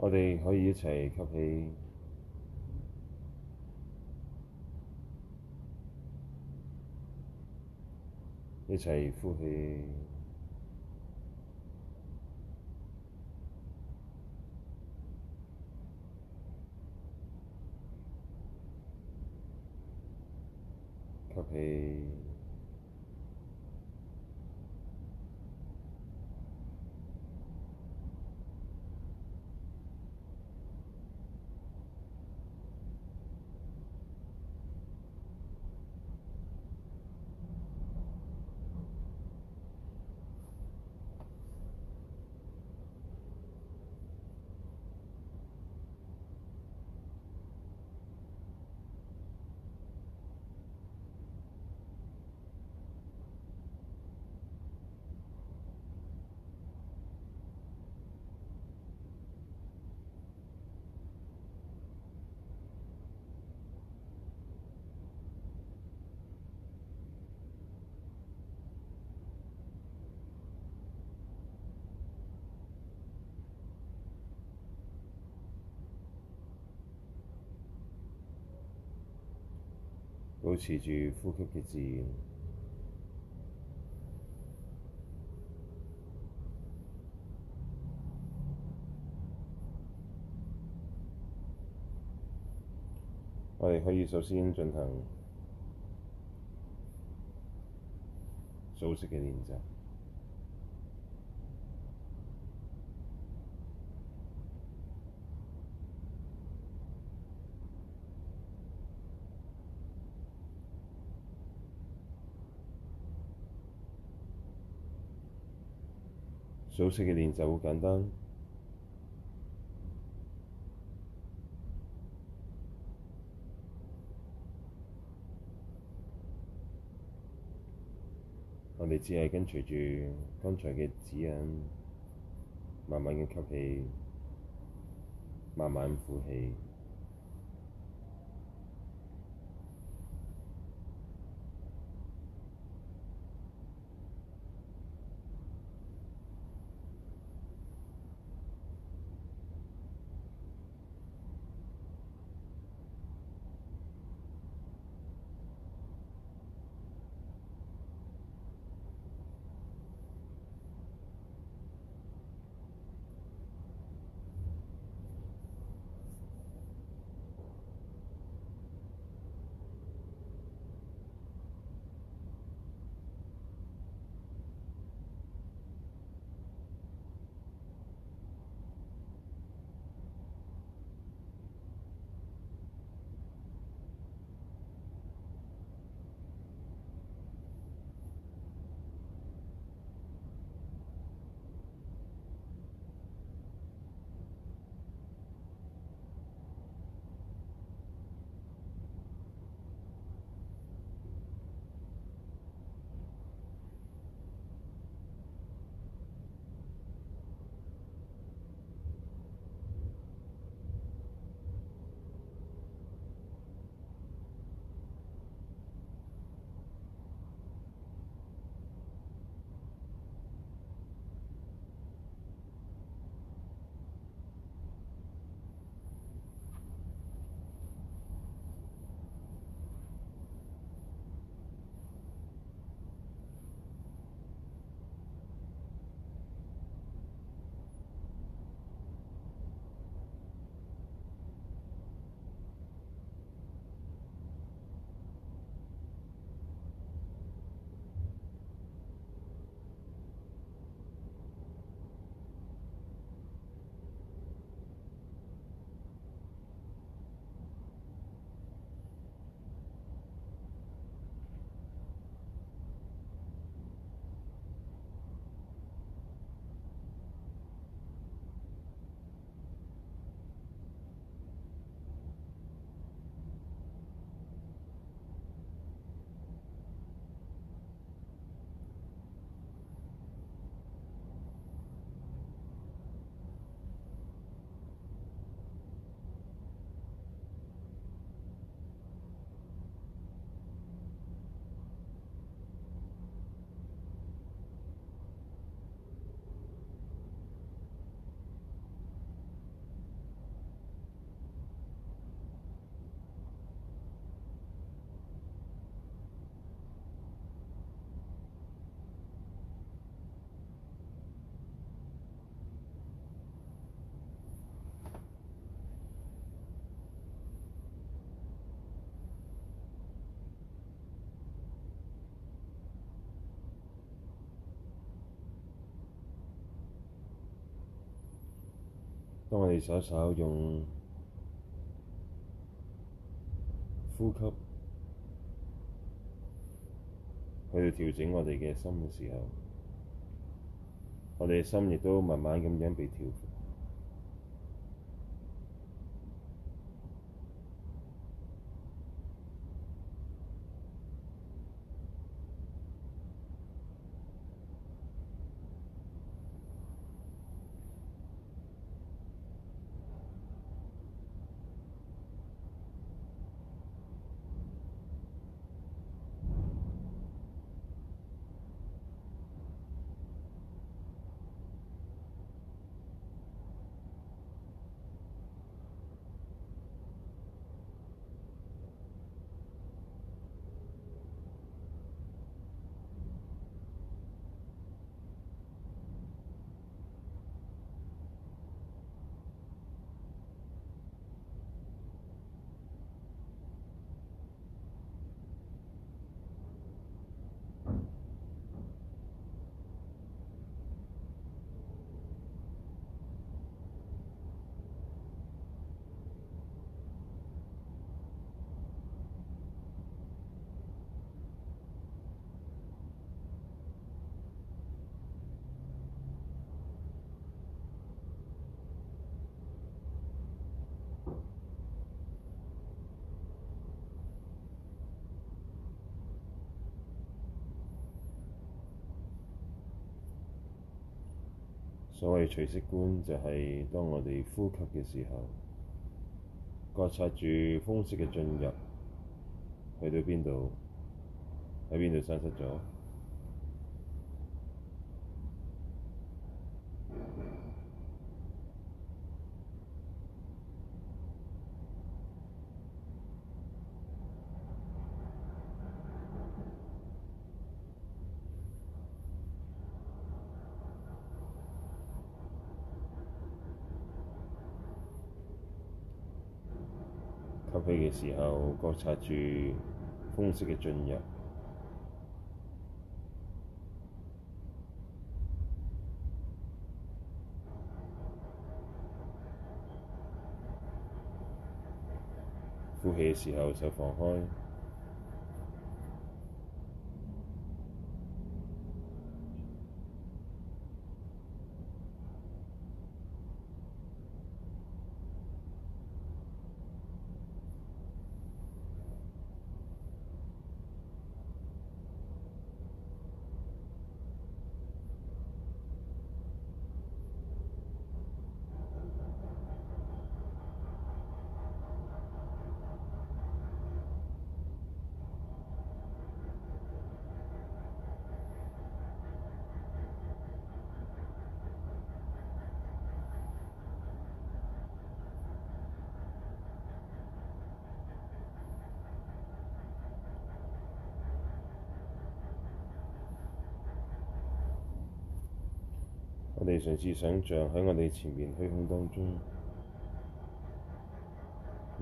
我哋可以一齊吸氣，一齊呼氣，吸氣。持住呼吸嘅自然，我哋可以首先進行數息嘅練習。早式嘅練習好簡單， 我哋只係跟隨住剛才嘅指引，慢慢嘅吸氣，慢慢呼氣。當我哋稍稍用呼吸去調整我哋嘅心嘅時候，我哋嘅心亦都慢慢咁樣被調。所謂隨息觀，就係、是、當我哋呼吸嘅時候，觀察住風息嘅進入，去到邊度，喺邊度散失咗。覺察住風息嘅進入，呼氣嘅時候手放開。我哋上次想象喺我哋前面虛空當中，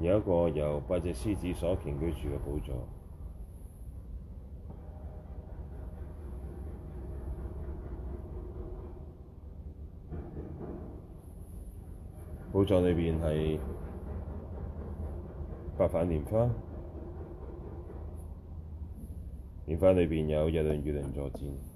有一個由八隻獅子所佔據住嘅寶座。寶座裏邊係白粉蓮花，蓮花裏邊有一輪月亮助戰。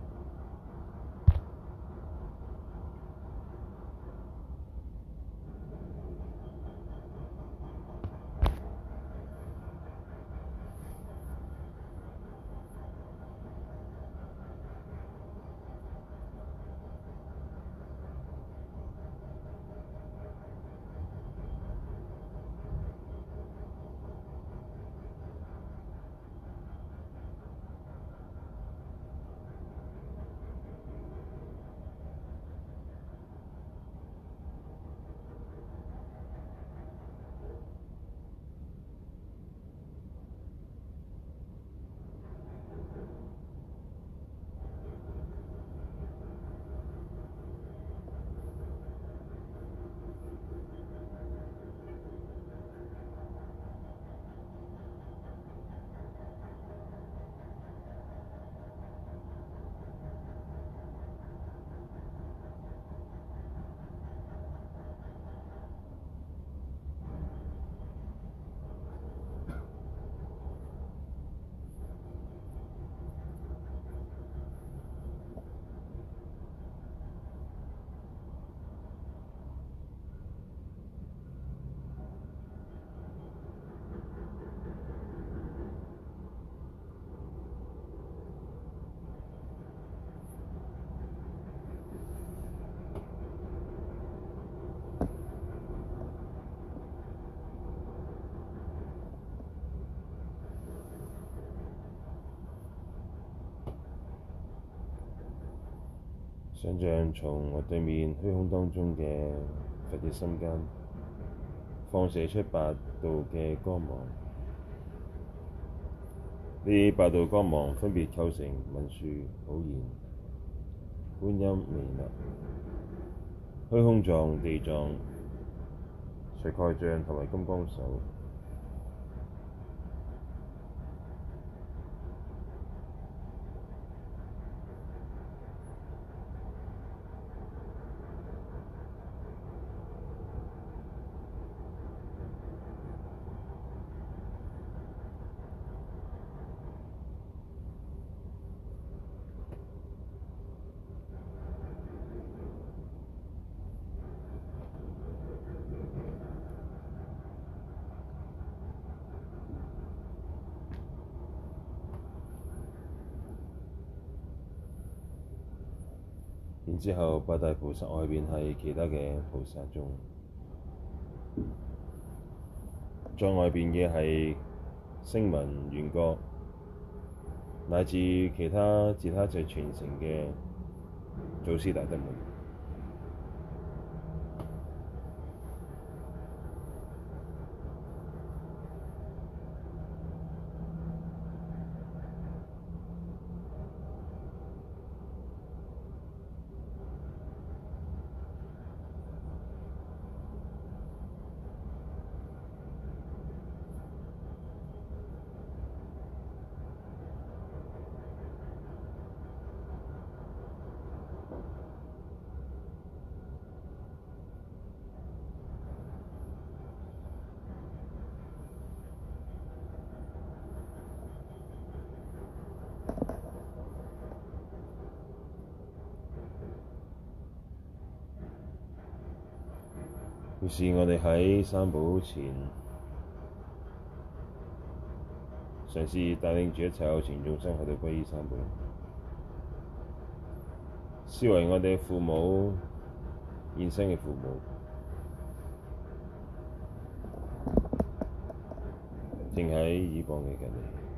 想象從我對面虛空當中嘅佛嘅心間放射出八道嘅光芒，呢八道光芒分別構成文殊、普賢、觀音、彌勒、虛空藏、地藏、除蓋障同埋金剛手。之後八大菩薩外邊係其他嘅菩薩眾，再外邊嘅係聲聞緣覺，乃至其他其他就傳承嘅祖師大德們。於是，我哋喺三寶前，嘗試帶領住一切有情眾生去到皈依三寶，思維我哋父母現生嘅父母，正喺耳光嘅近邊。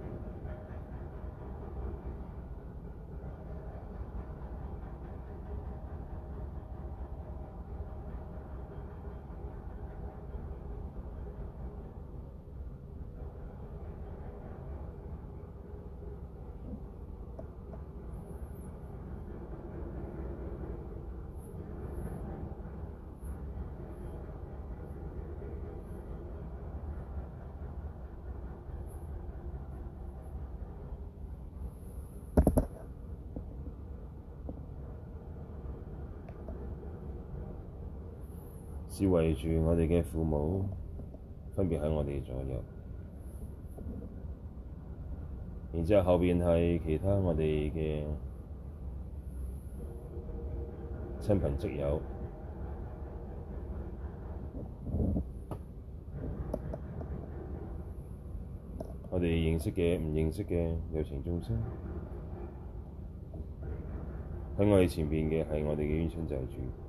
圍住我哋嘅父母，分別喺我哋左右。然之後後邊係其他我哋嘅親朋戚友，我哋認識嘅、唔認識嘅，有情眾生。喺我哋前邊嘅係我哋嘅冤親債主。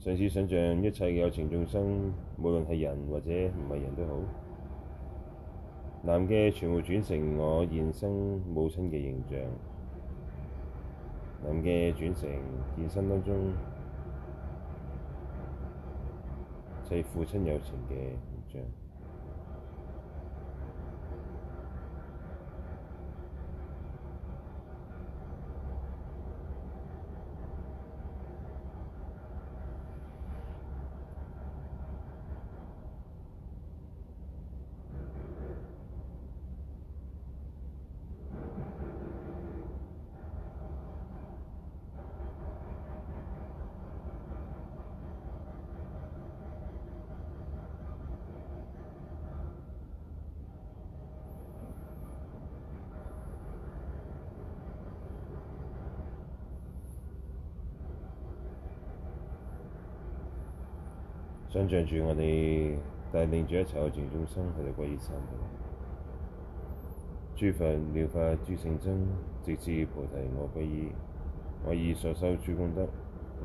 上次想象一切有情眾生，無論係人或者唔係人都好，男嘅全部轉成我現生母親嘅形象，男嘅轉成現生當中對、就是、父親有情嘅形象。仗著我哋帶領住一齊嘅眾生去嚟歸依三寶，諸佛妙法諸聖僧，直至菩提我歸依，我以所修諸功德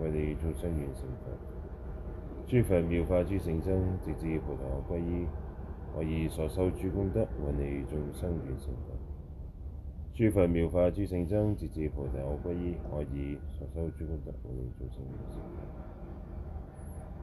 為你眾生完成佛。諸佛妙法諸聖僧，直至菩提我歸依，我以所修諸功德為你眾生完成佛。諸佛妙法諸聖僧，直至菩提我歸依，我以所修諸功德為你眾生完成佛。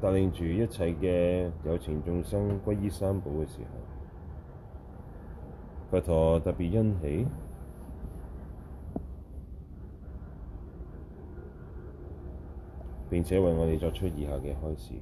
帶領住一切嘅有情眾生皈依三寶嘅時候，佛陀特別欣喜，並且為我哋作出以下嘅開示。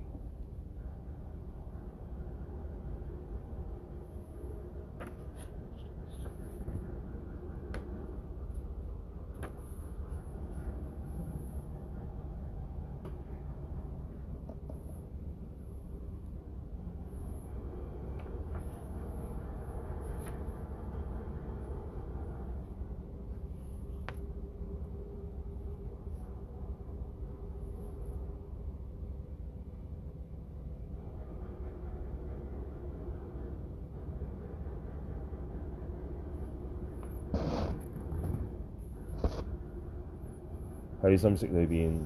喺心識裏邊，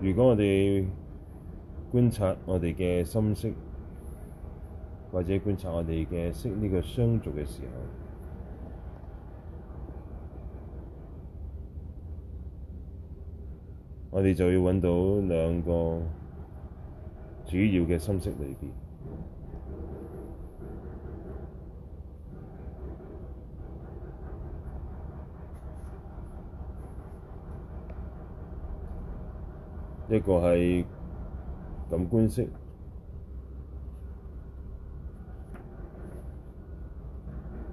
如果我哋觀察我哋嘅心識，或者觀察我哋嘅識呢個相續嘅時候，我哋就要揾到兩個。主要嘅心識裏邊，一個係感官識，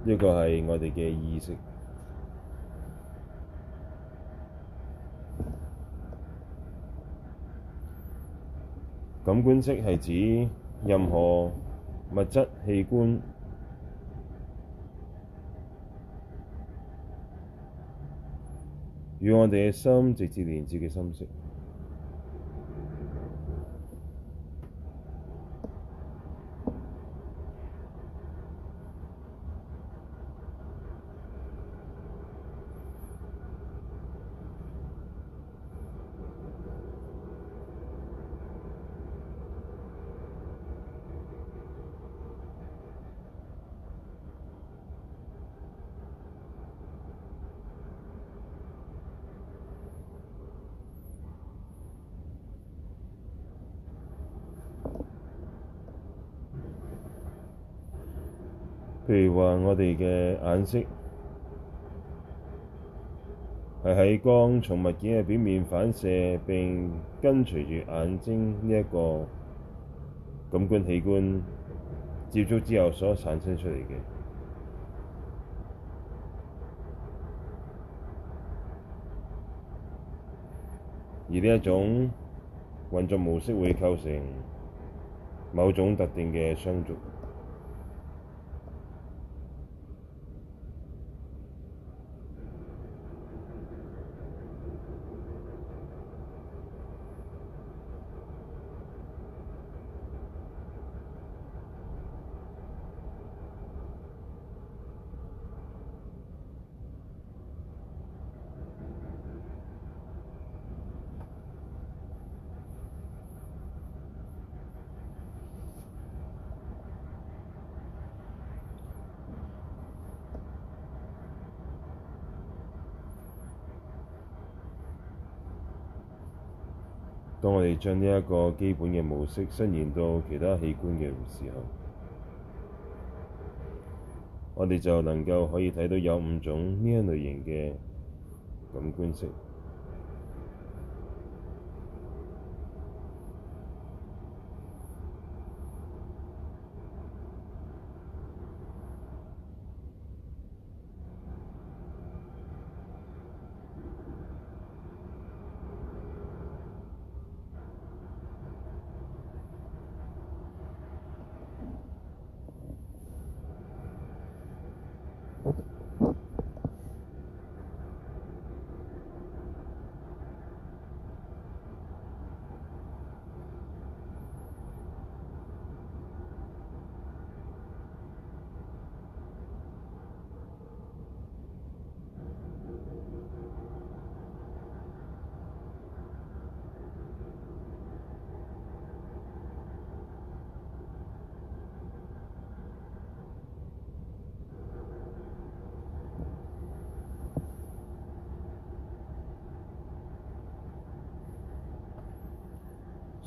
一個係我哋嘅意識。感官色係指任何物質器官與我哋嘅心直接連接嘅心色。話我哋嘅眼識係喺光從物件嘅表面反射，並跟隨住眼睛呢一個感官器官接觸之後所產生出嚟嘅。而呢一種運作模式會構成某種特定嘅相續。當我哋將呢一個基本嘅模式伸延到其他器官嘅時候，我哋就能夠可以睇到有五種呢一類型嘅感官識。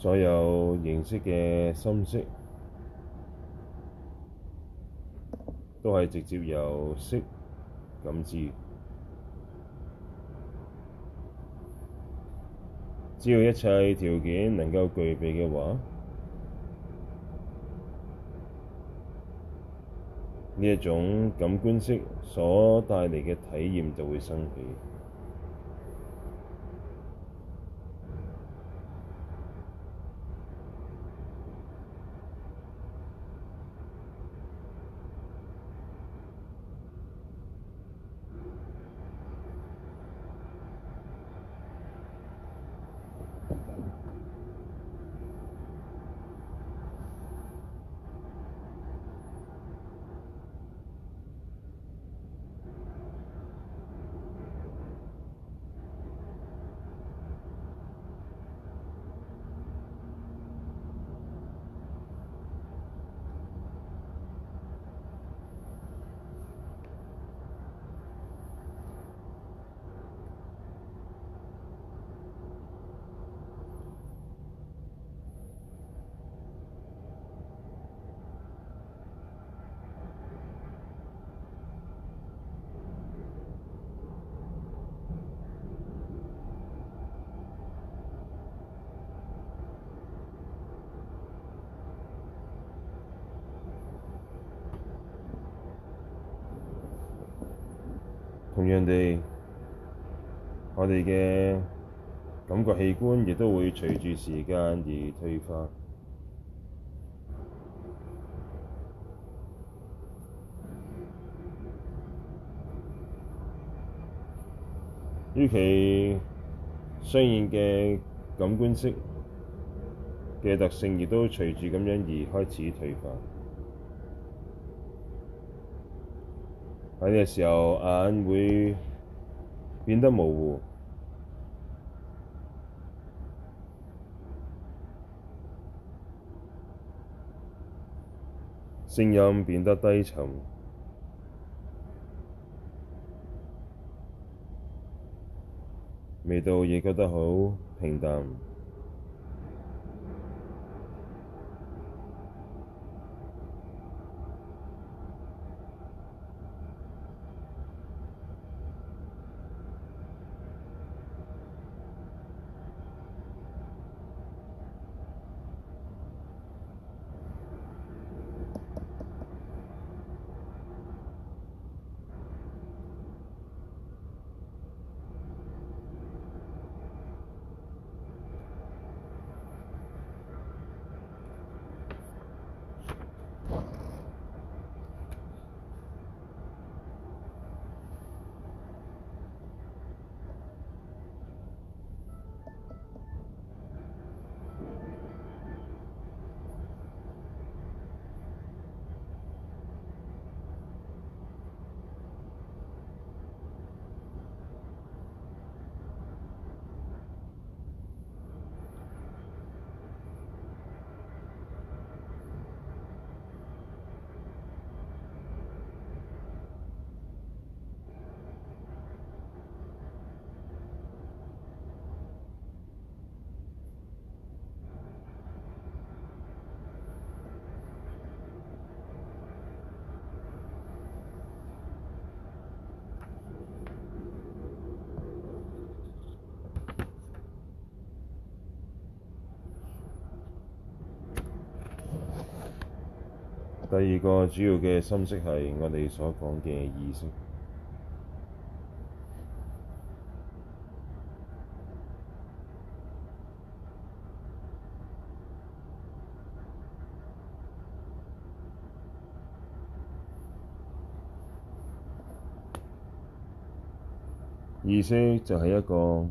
所有形式嘅心識，都係直接由色感知。只要一切條件能夠具備嘅話，呢一種感官識所帶嚟嘅體驗就會生起。我哋嘅感覺器官亦都會隨住時間而退化，與其相應嘅感官識嘅特性，亦都隨住咁樣而開始退化。喺呢個嘅時候，眼會變得模糊。聲音變得低沉，味道亦覺得好平淡。第二個主要嘅心識係我哋所講嘅意識，意識就係一個。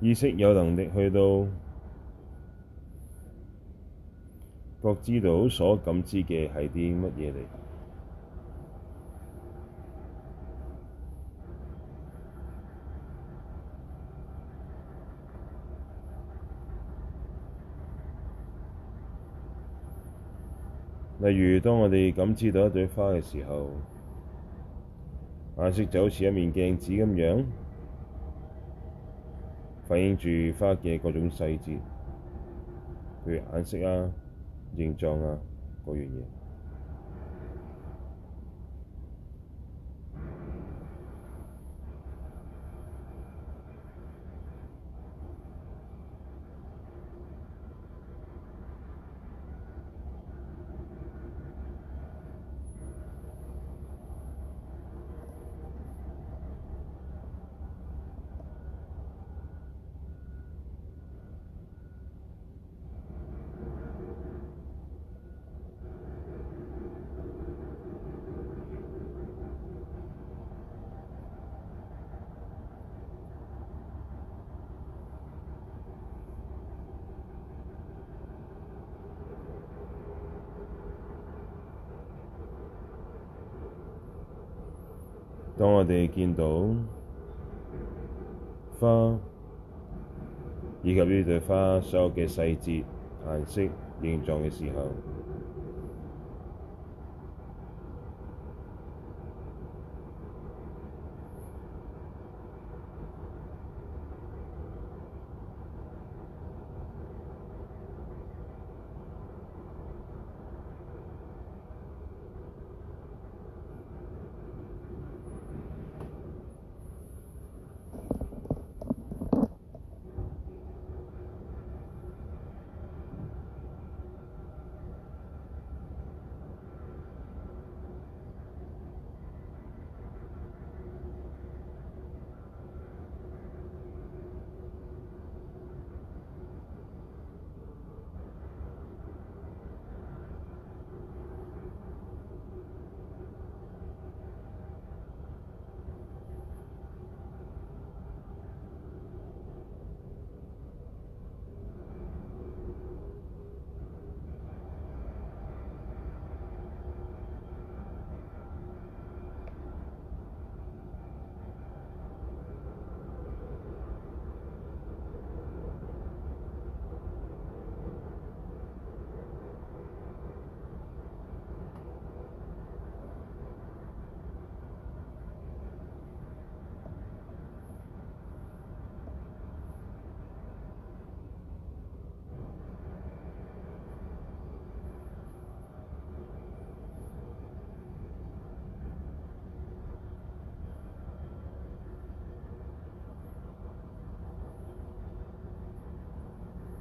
意識有能力去到，覺知到所感知嘅係啲乜嘢嚟？例如，當我哋感知到一朵花嘅時候，顏色就好似一面鏡子咁樣。反映住花嘅各種細節，譬如顏色啊、形狀啊，各樣嘢。見到花以及呢朵花所有嘅細節、顏色、形狀嘅時候。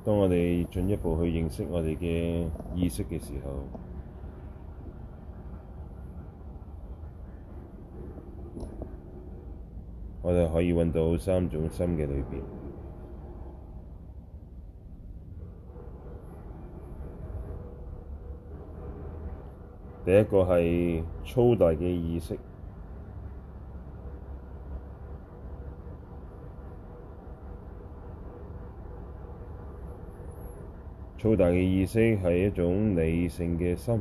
當我哋進一步去認識我哋嘅意識嘅時候，我哋可以揾到三種心嘅裏邊。第一個係粗大嘅意識。粗大嘅意識係一種理性嘅心。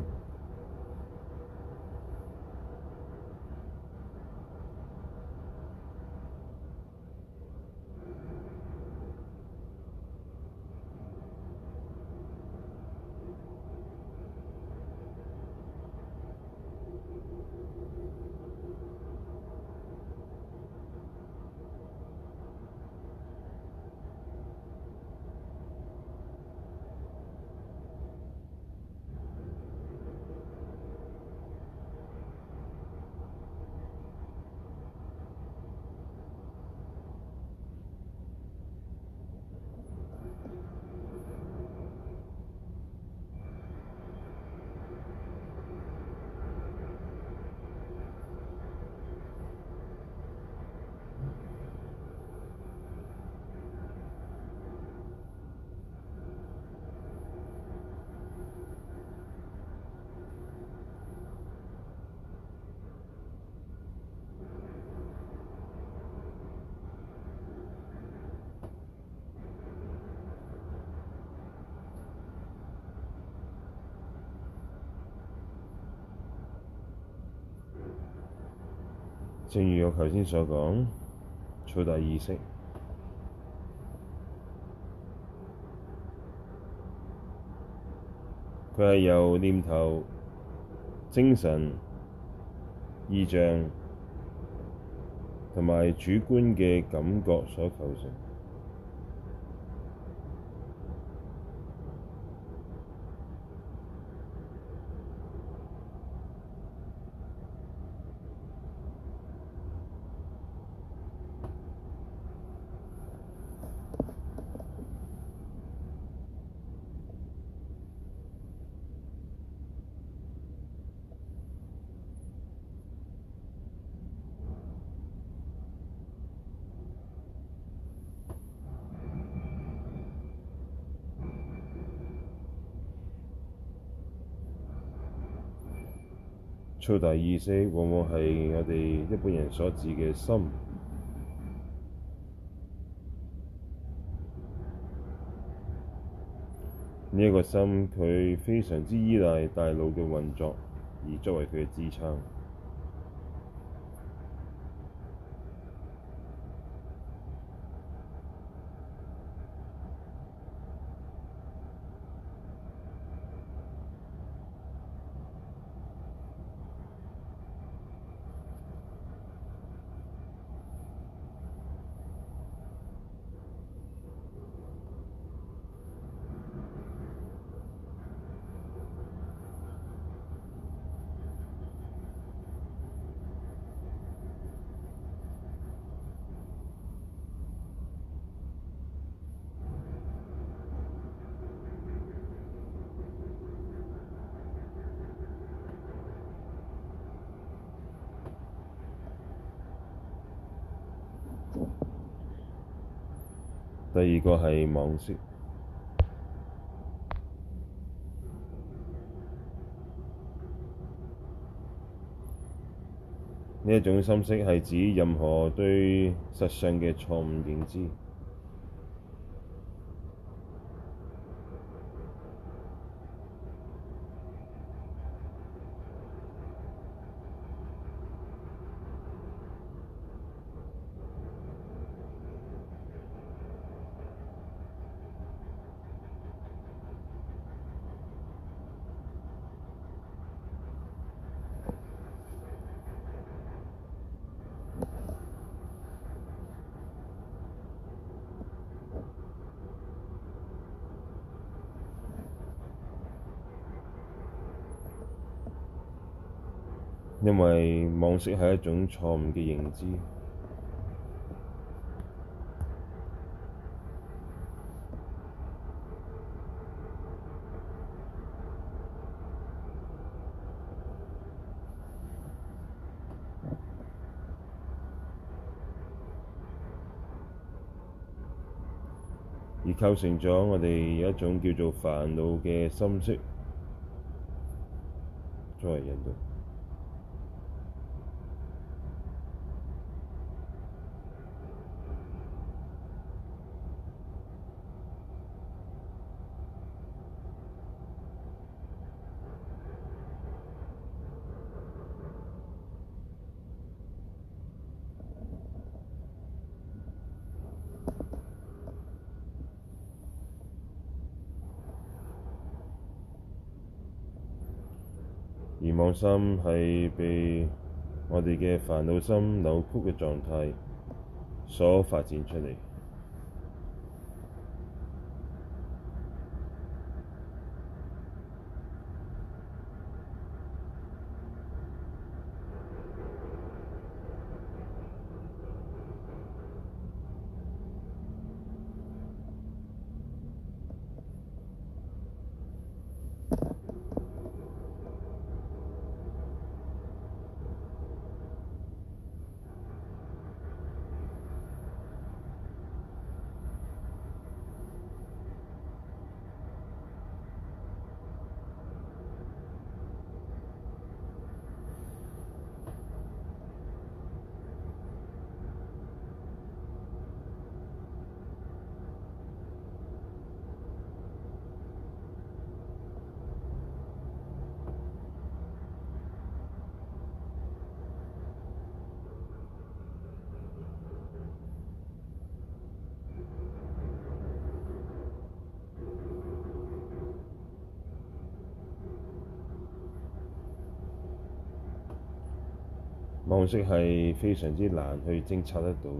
正如我頭先所講，粗大意識，佢係由念頭、精神、意象同埋主觀嘅感覺所構成。粗大意識往往係我哋一般人所指嘅心，呢一個心，佢非常之依賴大腦嘅運作，而作為佢嘅支撐。第二個係妄識，呢一種心識係指任何對實相嘅錯誤認知。因為妄識係一種錯誤嘅認知，而構成咗我哋有一種叫做煩惱嘅心識作為引導。心係被我哋嘅煩惱心扭曲嘅狀態所發展出嚟。模式係非常之難去偵察得到。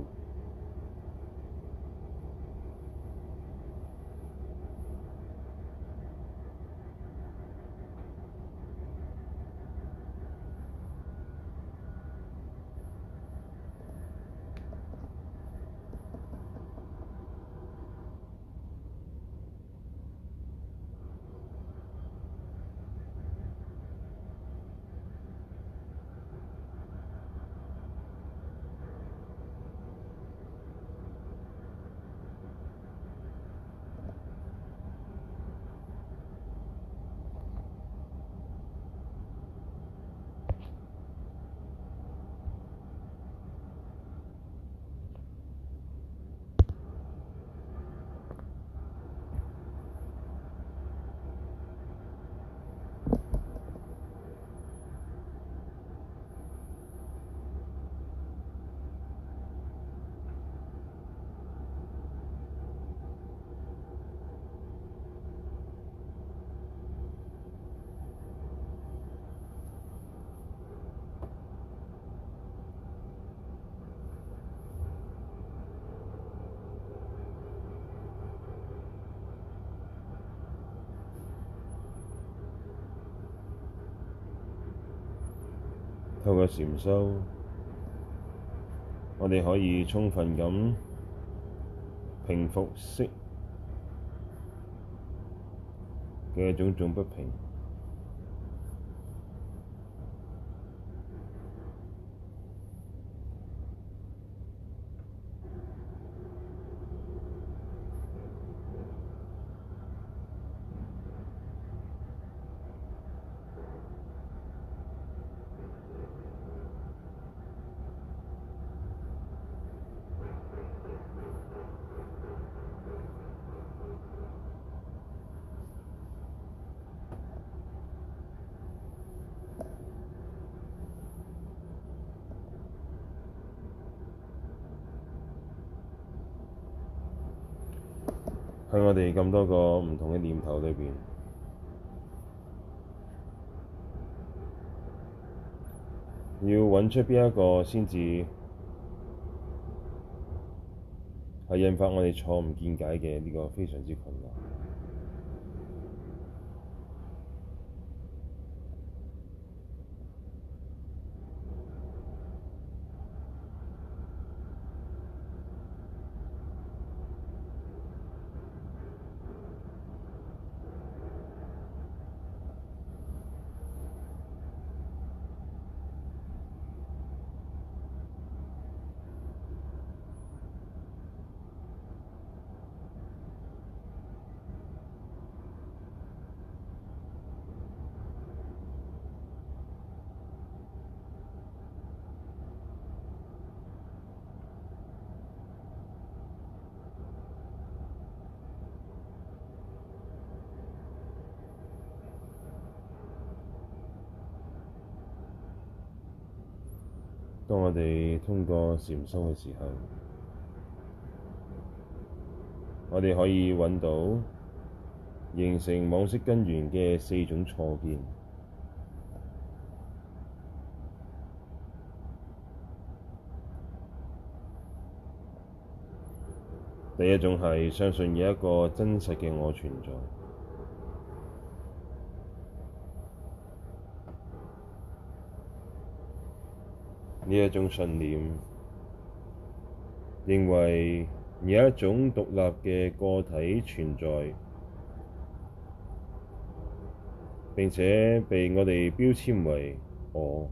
透過禪修，我哋可以充分咁平復識嘅種種不平。我哋咁多個唔同嘅念頭裏邊，要揾出邊一個先至係引發我哋錯誤見解嘅，呢個非常之困難。通過禪修嘅時候，我哋可以揾到形成往昔根源嘅四種錯見。第一種係相信有一個真實嘅我存在。呢一種信念，認為有一種獨立嘅個體存在，並且被我哋標籤為我。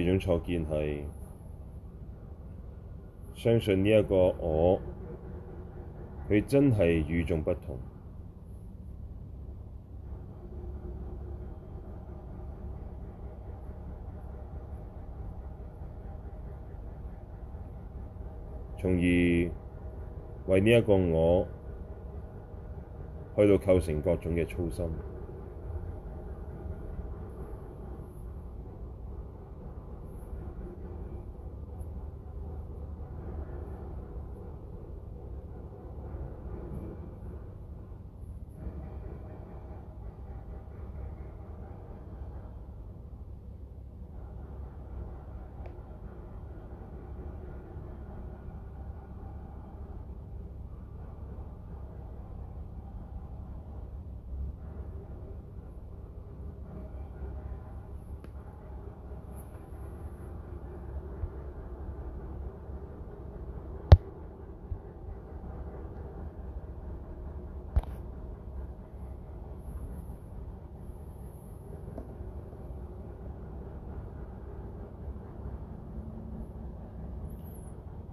呢種錯見係相信呢一個我，佢真係與眾不同，從而為呢一個我去到構成各種嘅操心。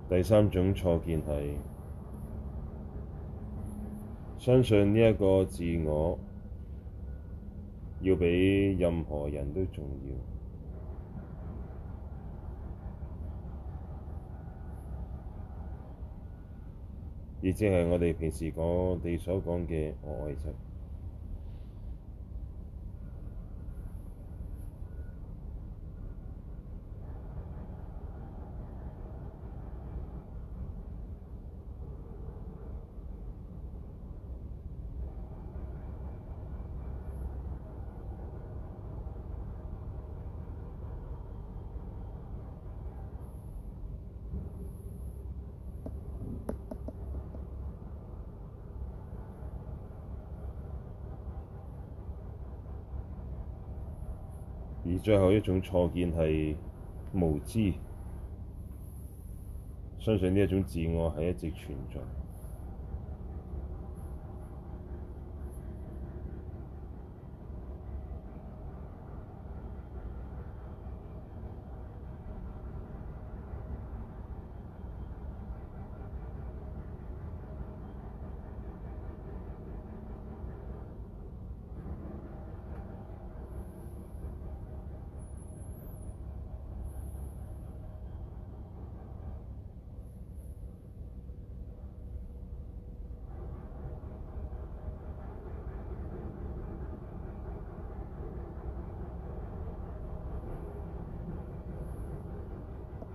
第三種錯見係相信呢一個自我要比任何人都重要，亦即係我哋平時講我哋所講嘅我愛執。最後一種錯見係無知，相信呢一種自我係一直存在。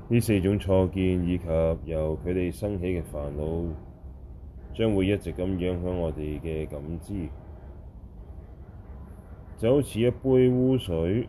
呢四種錯見以及由佢哋生起嘅煩惱，將會一直噉影響我哋嘅感知，就好似一杯污水。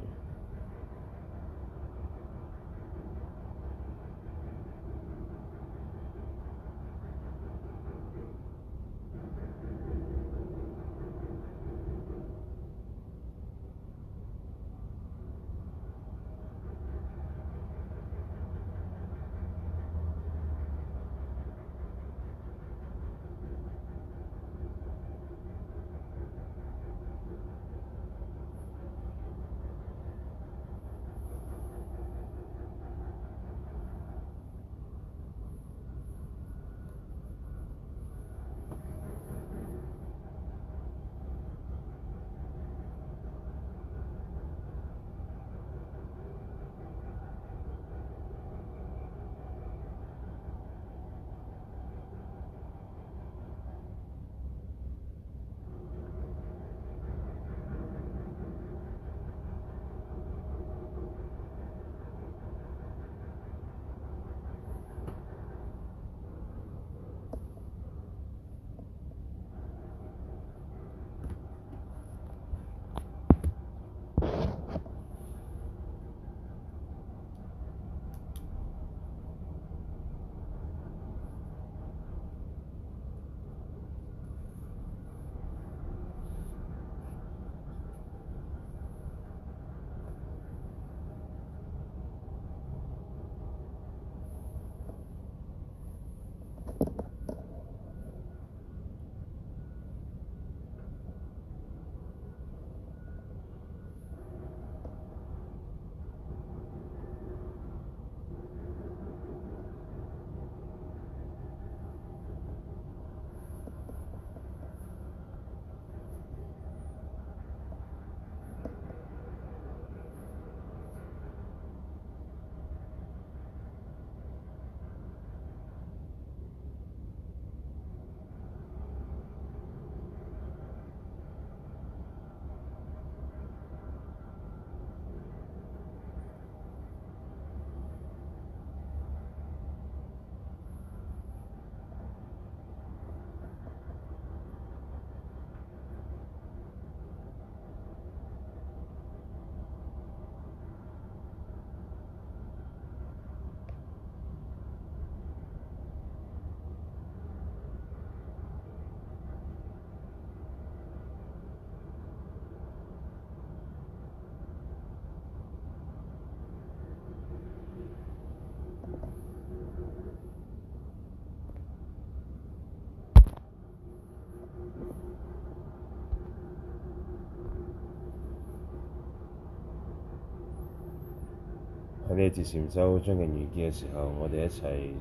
呢一節禪修將近完結嘅時候，我哋一齊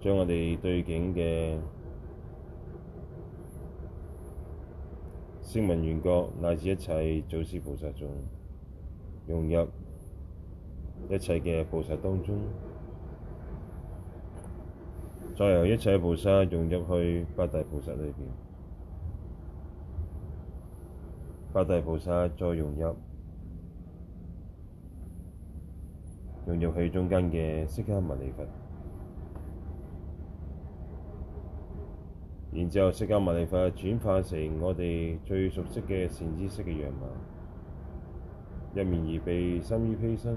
將我哋對境嘅聲聞緣覺乃至一切祖師菩薩中融入一切嘅菩薩當中，再由一切菩薩融入去八大菩薩裏邊，八大菩薩再融入。融入去中間嘅釋迦牟尼佛，然之後釋迦牟尼佛轉化成我哋最熟悉嘅善知識嘅樣貌，一面而被深於披身。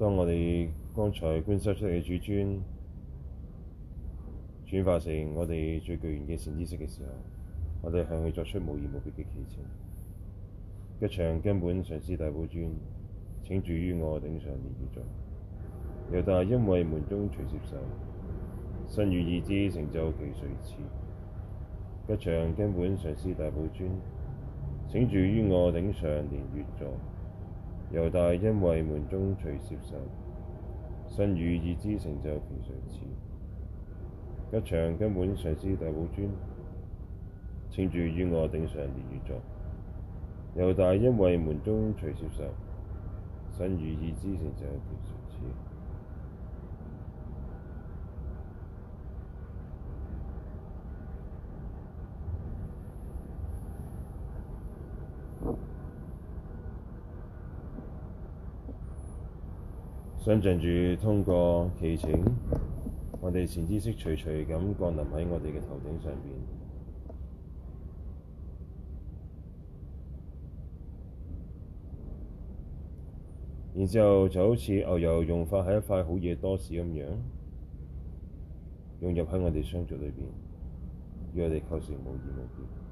當我哋剛才觀修出嘅主尊轉化成我哋最具然嘅善知識嘅時候，我哋向佢作出無意無別嘅祈請。「吉祥根本上師大寶尊，請住於我頂上蓮月座。」又由大因位門中隨攝受，身如意之成就其隨持。吉祥根本上師大寶尊，請住於我頂上蓮月座。由大因惠門中隨攝受，身語意之成就平常事。吉祥根本上師大寶尊，請住於我頂上蓮月座。由大因惠門中隨攝受，身語意之成就平常事。想像住通過祈請，我哋善知識徐徐咁降臨喺我哋嘅頭頂上邊，然之後就好似牛油融化喺一塊好嘢多士咁樣，融入喺我哋雙組裏邊，要我哋構成無二無別。